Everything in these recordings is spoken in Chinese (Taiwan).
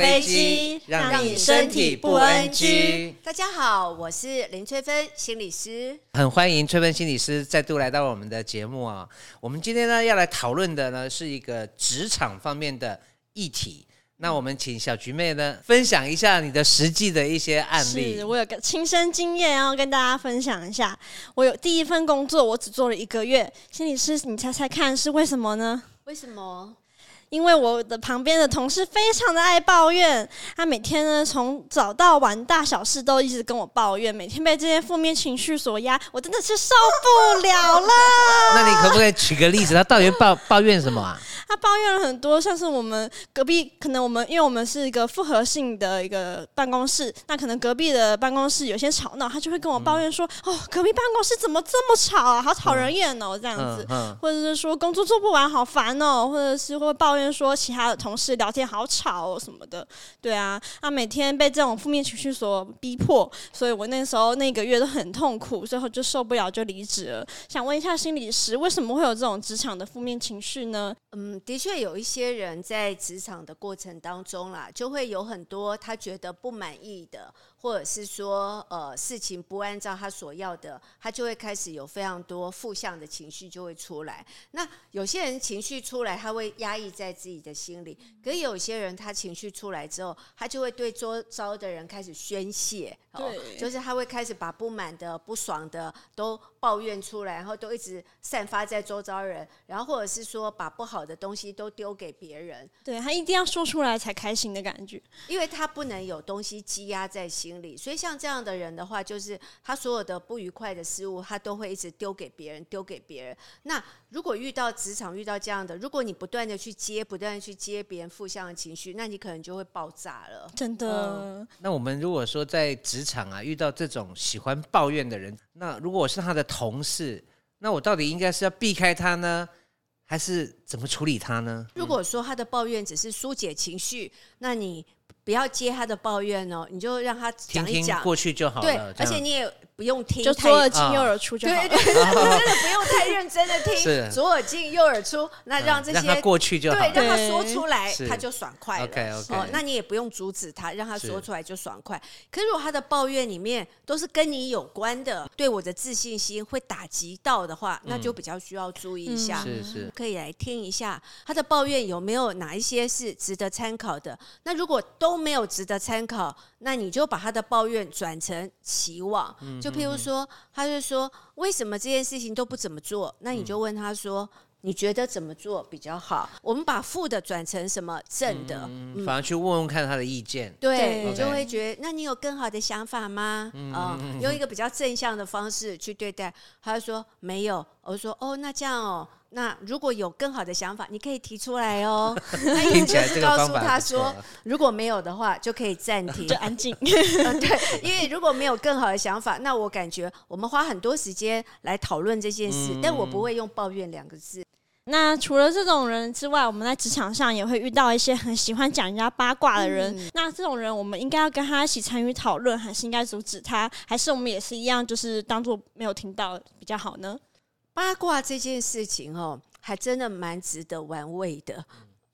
飛機讓你身體不安居。大家好，我是林萃芬心理師，很歡迎萃芬心理師再度來到我們的節目啊。我們今天呢要來討論的呢是一個職場方面的議題。那我們請小菊妹呢分享一下你的實際的一些案例。是我有個親身經驗，然後跟大家分享一下。我有第一份工作，我只做了一個月，心理師，你猜猜看是為什麼呢？為什麼？因為我的旁邊的同事非常的愛抱怨，他每天呢從早到晚，大小事都一直跟我抱怨，每天被這些負面情緒所壓，我真的是受不了了。 那你可不可以舉個例子，他到底抱抱怨什麼啊？他抱怨了很多，像是我們隔壁，可能我們因為我們是一個複合性的一個辦公室，那可能隔壁的辦公室有些吵鬧，他就會跟我抱怨說：“嗯、哦，隔壁辦公室怎麼這麼吵啊？好討人厭哦，這樣子。嗯”嗯嗯、或者是說工作做不完，好煩哦，或者是會抱怨說其他的同事聊天好吵什麼的。對啊，他每天被這種負面情緒所逼迫，所以我那時候那個月都很痛苦，最後就受不了就離職了。想問一下心理師，為什麼會有這種職場的負面情緒呢？嗯。嗯，的確有一些人在職場的過程當中啦，就會有很多他覺得不滿意的。或者是說，呃，事情不按照他所要的，他就會開始有非常多負向的情緒就會出來。那有些人情緒出來，他會壓抑在自己的心裡，可有些人他情緒出來之後，他就會對周遭的人開始宣洩。對，就是他會開始把不滿的、不爽的都抱怨出來，然後都一直散發在周遭人，然後或者是說把不好的東西都丟給別人。對，他一定要說出來才開心的感覺，因為他不能有東西積壓在心。所以，像這樣的人的話，就是他所有的不愉快的事物，他都會一直丟給別人，丟給別人。那如果遇到職場遇到這樣的，如果你不斷的去接，不斷的去接別人負向的情緒，那你可能就會爆炸了。真的。嗯。那我們如果說在職場啊，遇到這種喜歡抱怨的人，那如果我是他的同事，那我到底應該是要避開他呢，還是怎麼處理他呢？如果說他的抱怨只是疏解情緒，那你。不要接他的抱怨哦，你就讓他講一講，聽聽過去就好了。對，這樣，而且你也，不用聽，就左耳進右耳出就好了。哦、對，對，對、哦、真的不用太認真的聽，左耳進右耳出，那讓這些、嗯、讓過去就對，對讓他說出來，他就爽快了 okay, okay、哦。哦那你也不用阻止他，讓他說出來就爽快。是，可是如果他的抱怨裡面都是跟你有關的，對我的自信心會打擊到的話，那就比較需要注意一下，嗯、是，是可以來聽一下他的抱怨有沒有哪一些是值得參考的。那如果都沒有值得參考。那你就把他的抱怨轉成期望，就譬如說，他就說為什麼這件事情都不怎麼做？那你就問他說，你覺得怎麼做比較好？我們把負的轉成什麼正的，反而去問問看他的意見。對，Okay 你就會覺得那你有更好的想法嗎？嗯，用一個比較正向的方式去對待。他就說沒有，我說哦，那這樣哦。那如果有更好的想法，你可以提出來哦。那意思就是告訴他說，如果沒有的話， 就可以暫停，就安靜、 嗯。對，因為如果沒有更好的想法，那我感覺我們花很多時間來討論這件事，嗯、但我不會用抱怨兩個字。那除了這種人之外，我們在職場上也會遇到一些很喜歡講人家八卦的人。嗯、那這種人，我們應該要跟他一起參與討論，還是應該阻止他，還是我們也是一樣，就是當做沒有聽到比較好呢？八卦這件事情哦，還真的蠻值得玩味的。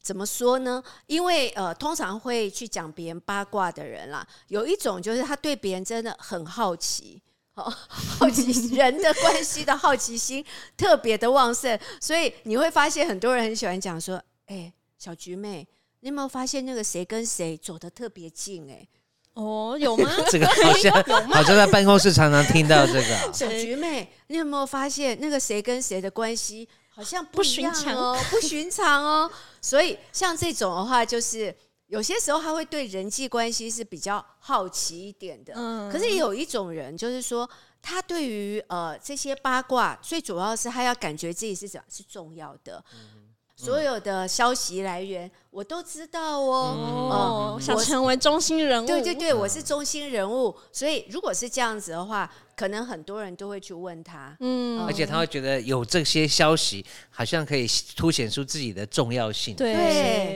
怎麼說呢？因為呃，通常會去講別人八卦的人啦，有一種就是他對別人真的很好奇哦，好奇人的關係的好奇心 特別的旺盛，所以你會發現很多人很喜歡講說：“哎、欸，小菊妹，你有沒有發現那個誰跟誰走得特別近、欸？”哎。哦，有嗎？ 這個好像嗎好像在辦公室常常聽到這個 小菊妹，你有沒有發現那個誰跟誰的關係好像不尋常哦，不尋尋常， 常哦。所以像這種的話，就是有些時候他會對人際關係是比較好奇一點的。嗯，可是也有一種人，就是說他對於呃這些八卦，最主要是他要感覺自己是什麼是重要的。嗯所有的消息來源我都知道哦，嗯、哦，我想成為中心人物。對對對，我是中心人物，所以如果是這樣子的話，可能很多人都會去問他。嗯，嗯，而且他會覺得有這些消息，好像可以凸顯出自己的重要性。對，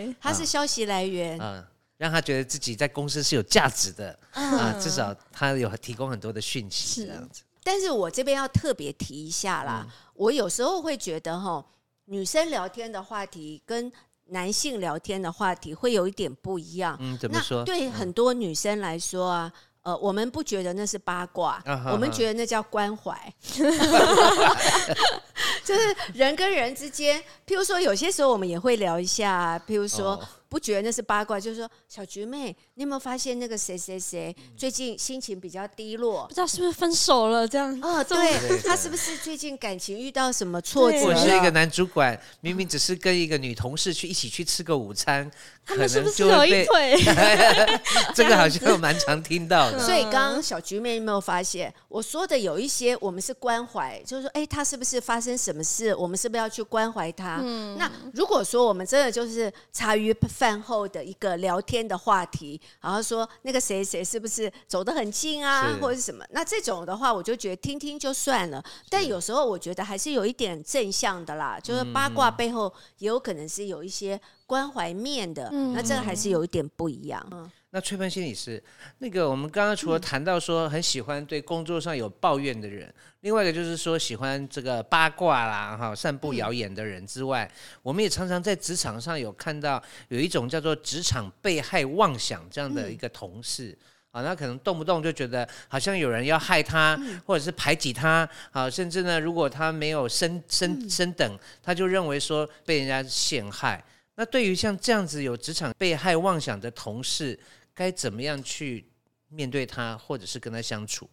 是他是消息來源，嗯，嗯，讓他覺得自己在公司是有價值的。嗯、啊，至少他有提供很多的訊息，是這樣子。但是我這邊要特別提一下啦，嗯、我有時候會覺得齁。女生聊天的話題跟男性聊天的話題會有一點不一樣。嗯、怎麼說？那對很多女生來說啊，嗯、呃，我們不覺得那是八卦，啊、哈哈我們覺得那叫關懷。 關懷 就是人跟人之間，譬如說，有些時候我們也會聊一下、啊，譬如說、哦。不覺得那是八卦，就是說小菊妹，你有沒有發現那個誰誰誰最近心情比較低落？不知道是不是分手了這樣？啊、哦，對，對對對，他是不是最近感情遇到什麼挫折？我是一個男主管，明明只是跟一個女同事去一起去吃個午餐，他們是不是有一腿？這，這個好像蠻常聽到的。嗯、所以剛剛小菊妹有沒有發現，我說的有一些我們是關懷，就是說，哎、欸，他是不是發生什麼事？我們是不是要去關懷他？嗯、那如果說我們真的就是茶餘，飯後的一個聊天的話題，然後說那個誰誰是不是走得很近啊？是或者是什麼？那這種的話，我就覺得聽聽就算了。是但有時候我覺得還是有一點正向的啦，是就是八卦背後也有可能是有一些關懷面的。嗯，那這個還是有一點不一樣。嗯嗯那萃芬心理師，那個我們剛剛除了談到說很喜歡對工作上有抱怨的人，另外一個就是說喜歡這個八卦啦哈，散布謠言的人之外，我們也常常在職場上有看到有一種叫做職場被害妄想這樣的一個同事啊，那可能動不動就覺得好像有人要害他，或者是排擠他，好，甚至呢，如果他沒有升升升等，他就認為說被人家陷害。那對於像這樣子有職場被害妄想的同事，該怎麼樣去面對他，或者是跟他相處？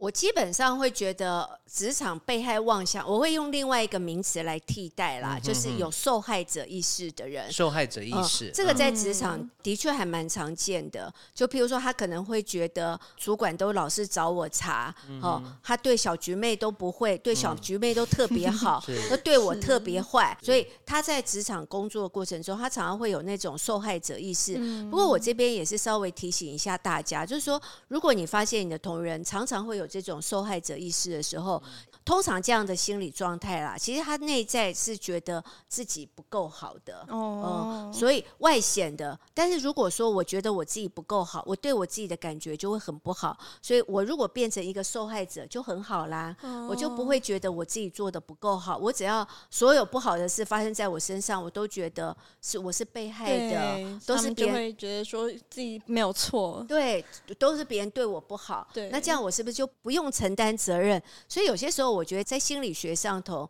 我基本上會覺得職場被害妄想，我會用另外一個名詞來替代啦，嗯、哼哼就是有受害者意識的人。受害者意識，呃、這個在職場的確還蠻常見的。嗯、就譬如說，他可能會覺得主管都老是找我茬，嗯、哼哦，他對小菊妹都不會，對小菊妹都特別好，那、嗯、 是對我特別壞。是所以他在職場工作過程中，他常常會有那種受害者意識。嗯、不過我這邊也是稍微提醒一下大家，就是說，如果你發現你的同仁常常會有這種受害者意識的時候。通常這樣的心理狀態啦，其實他內在是覺得自己不夠好的，oh. 嗯，所以外顯的。但是如果說我覺得我自己不夠好，我對我自己的感覺就會很不好。所以我如果變成一個受害者，就很好啦，oh. 我就不會覺得我自己做的不夠好。我只要所有不好的事發生在我身上，我都覺得是我是被害的，對都是別人覺得說自己沒有錯，對，都是別人對我不好，對，那這樣我是不是就不用承擔責任？所以有些時候。我。我覺得在心理學上頭，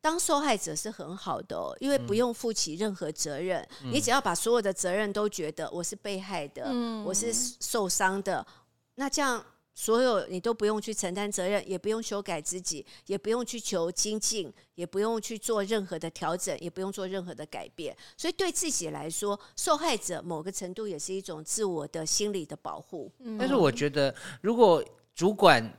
當受害者是很好的哦，因為不用負起任何責任，嗯，你只要把所有的責任都覺得我是被害的，嗯，我是受傷的，那這樣所有你都不用去承擔責任，也不用修改自己，也不用去求精進，也不用去做任何的調整，也不用做任何的改變。所以對自己來說，受害者某個程度也是一種自我的心理的保護。嗯，但是我覺得，如果主管，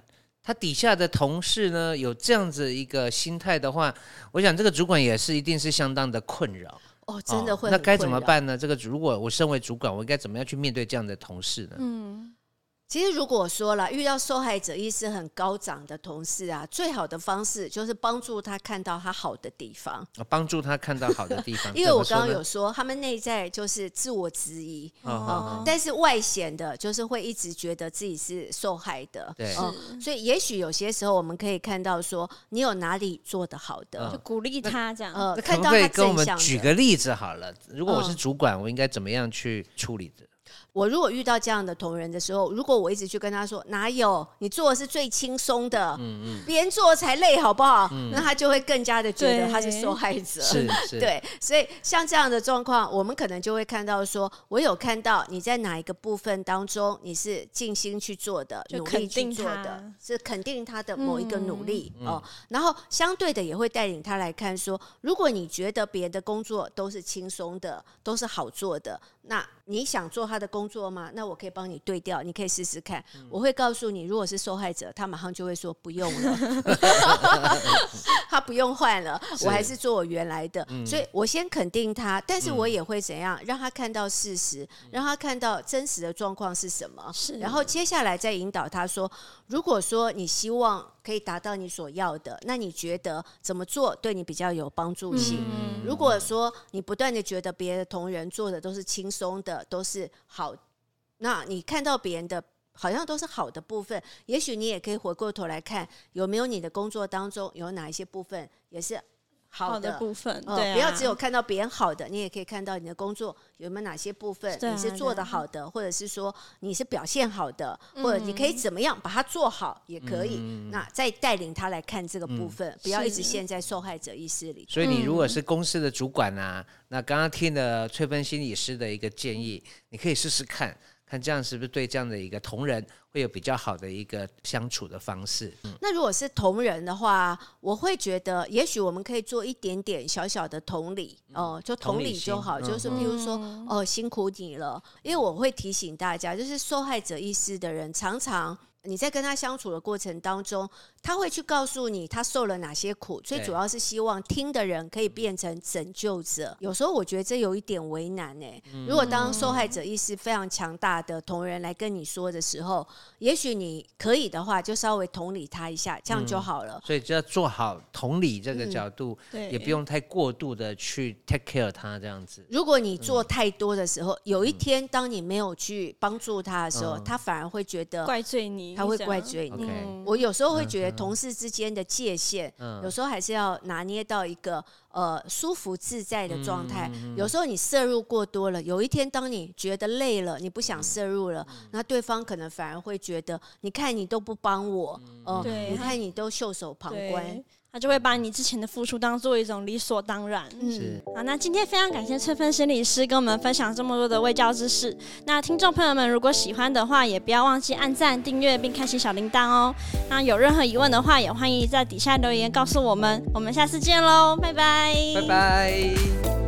他底下的同事呢，有這樣子一個心態的話，我想這個主管也是一定是相當的困擾。哦，真的會。哦，那該怎麼辦呢？這個如果我身為主管，我應該怎麼樣去面對這樣的同事呢？嗯。其實如果說了遇到受害者意識很高漲的同事啊，最好的方式就是幫助他看到他好的地方，幫助他看到好的地方。因為我剛剛有說，他們內在就是自我質疑，哦，但是外顯的就是會一直覺得自己是受害的，對。所以也許有些時候我們可以看到說，你有哪裡做的好的，就鼓勵他這樣。呃，那可以跟我們舉個例子好了。如果我是主管，我應該怎麼樣去處理的？我如果遇到這樣的同仁的時候，如果我一直去跟他說，哪有你做的是最輕鬆的，別人、嗯嗯、做才累好不好？嗯、那他就會更加的覺得他是受害者，對，是，是，對。所以像這樣的狀況，我們可能就會看到說，我有看到你在哪一個部分當中你是盡心去做的，肯定努力去做的，是肯定他的某一個努力、嗯嗯、哦。然後相對的也會帶領他來看說，如果你覺得別的工作都是輕鬆的，都是好做的，那你想做他的工作，工作嗎？那我可以幫你對調，你可以試試看。嗯、我會告訴你，如果是受害者，他馬上就會說不用了， 他不用換了，是我還是做我原來的。嗯、所以，我先肯定他，但是我也會怎樣讓他看到事實，讓他看到真實的狀況是什麼。是然後接下來再引導他說，如果說你希望。可以達到你所要的，那你覺得怎麼做對你比較有幫助性？如果說你不斷的覺得別的同仁做的都是輕鬆的，都是好，那你看到別人的好像都是好的部分，也許你也可以回過頭來看，有沒有你的工作當中有哪一些部分也是。好的，好的部分，呃、對、啊、不要只有看到別人好的，你也可以看到你的工作有沒有哪些部分、啊、你是做的好的，對對對，或者是說你是表現好的，嗯、或者你可以怎麼樣把它做好也可以。嗯、那再帶領他來看這個部分，嗯、不要一直陷在受害者意識裡。是所以你如果是公司的主管呢、啊，那剛剛聽了萃芬心理師的一個建議，嗯、你可以試試看。看這樣是不是對這樣的一個同仁會有比較好的一個相處的方式？嗯、那如果是同仁的話，我會覺得也許我們可以做一點點小小的同理哦、呃，就同理就好，就是比如說、嗯、哼哦，辛苦你了，因為我會提醒大家，就是受害者意識的人常常，你在跟他相處的過程當中，他會去告訴你他受了哪些苦，對最主要是希望聽的人可以變成拯救者。有時候我覺得這有一點為難呢。嗯、如果當受害者意識非常強大的同仁來跟你說的時候，也許你可以的話，就稍微同理他一下，這樣就好了。嗯、所以就要做好同理這個角度，嗯、對也不用太過度的去 take care 他這樣子。如果你做太多的時候，嗯、有一天當你沒有去幫助他的時候，嗯、他反而會覺得怪罪你。他會怪罪你，啊、你。Okay. 我有時候會覺得同事之間的界限，Okay. 有時候還是要拿捏到一個呃舒服自在的狀態。Mm hmm. 有時候你攝入過多了，有一天當你覺得累了，你不想攝入了，mm hmm. 那對方可能反而會覺得，你看你都不幫我哦，你看你都袖手旁觀。他就會把你之前的付出當做一種理所當然。嗯，是好，那今天非常感謝萃芬心理師跟我們分享這麼多的衛教知識。那聽眾朋友們，如果喜歡的話，也不要忘記按讚、訂閱並開啟小鈴鐺哦。那有任何疑問的話，也歡迎在底下留言告訴我們。我們下次見嘍，拜拜，拜拜。